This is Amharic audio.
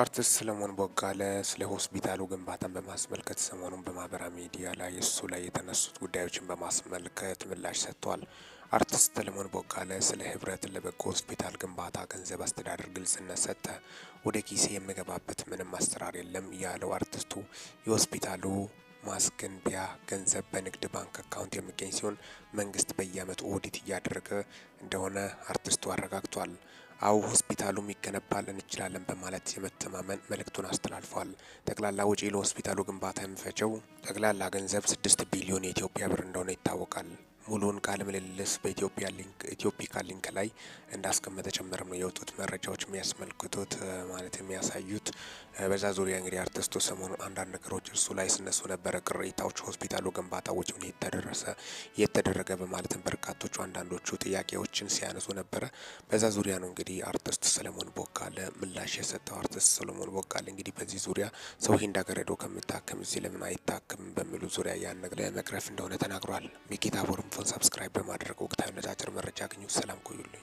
አርቲስት ሰለሞን ቦጋለ ስለ ሆስፒታሉ ግንባታን በማስመልከት ሰሞኑን በማህበራዊ ሚዲያ ላይ እሱ ላይ የተነሱት ጉዳዮችን በማስመልከት ምላሽ ሰጥቷል። አርቲስት ሰለሞን ቦጋለ ስለ ህብረት ለበጎ ሆስፒታል ግንባታ ገንዘብ አስተዳደር ግልጽነት ሰጠ። ወደ ኪሴ የምገባበት ምንም አሰራር የለም ያለው አርቲስቱ የሆስፒታሉ ማስገንቢያ ገንዘብ በንግድ ባንክ አካውንት የሚገኝ ሲሆን መንግስት በየአመቱ ኦዲት እያደረገ እንደሆነ አርቲስቱ አረጋግቷል። አዎ ሆስፒታሉም ይገነባልን እንችላለን በማለት የመተማመን መልእክቱን አስተላልፏል። ጠቅላላ ወጪ ለሆስፒታሉ ግንባታ የሚፈጀው ጠቅላላ ገንዘብ ስድስት ቢሊዮን የኢትዮጵያ ብር እንደሆነ ይታወቃል። ሙሉውን ቃለ ምልልስ በኢትዮጵያ ሊንክ ኢትዮፒካ ሊንክ ላይ እንዳስቀመጠ ጭምርም ነው የወጡት መረጃዎች የሚያስመልክቱት ማለት የሚያሳዩት በዛ ዙሪያ እንግዲህ አርቲስቱ ሰሞኑን አንዳንድ ነገሮች እርሱ ላይ ስነሱ ነበረ ቅሬታዎች፣ ሆስፒታሉ ግንባታዎች ሁኔታ የተደረሰ የተደረገ በማለትም በርካቶቹ አንዳንዶቹ ጥያቄዎችን ሲያነሱ ነበረ። በዛ ዙሪያ ነው እንግዲህ አርቲስት ሰለሞን ቦካለ ምላሽ የሰጠው። አርቲስት ሰለሞን ቦካለ እንግዲህ በዚህ ዙሪያ ሰው ይህ እንዳገረደው ከምታክም እዚህ ለምን አይታከምም በሚሉ ዙሪያ ያን ነገር መቅረፍ እንደሆነ ተናግሯል። ሚኪታ ቦርንፎን ሰብስክራይብ በማድረግ ወቅታዊ ነጫጭር መረጃ አግኙ። ሰላም ቆዩልኝ።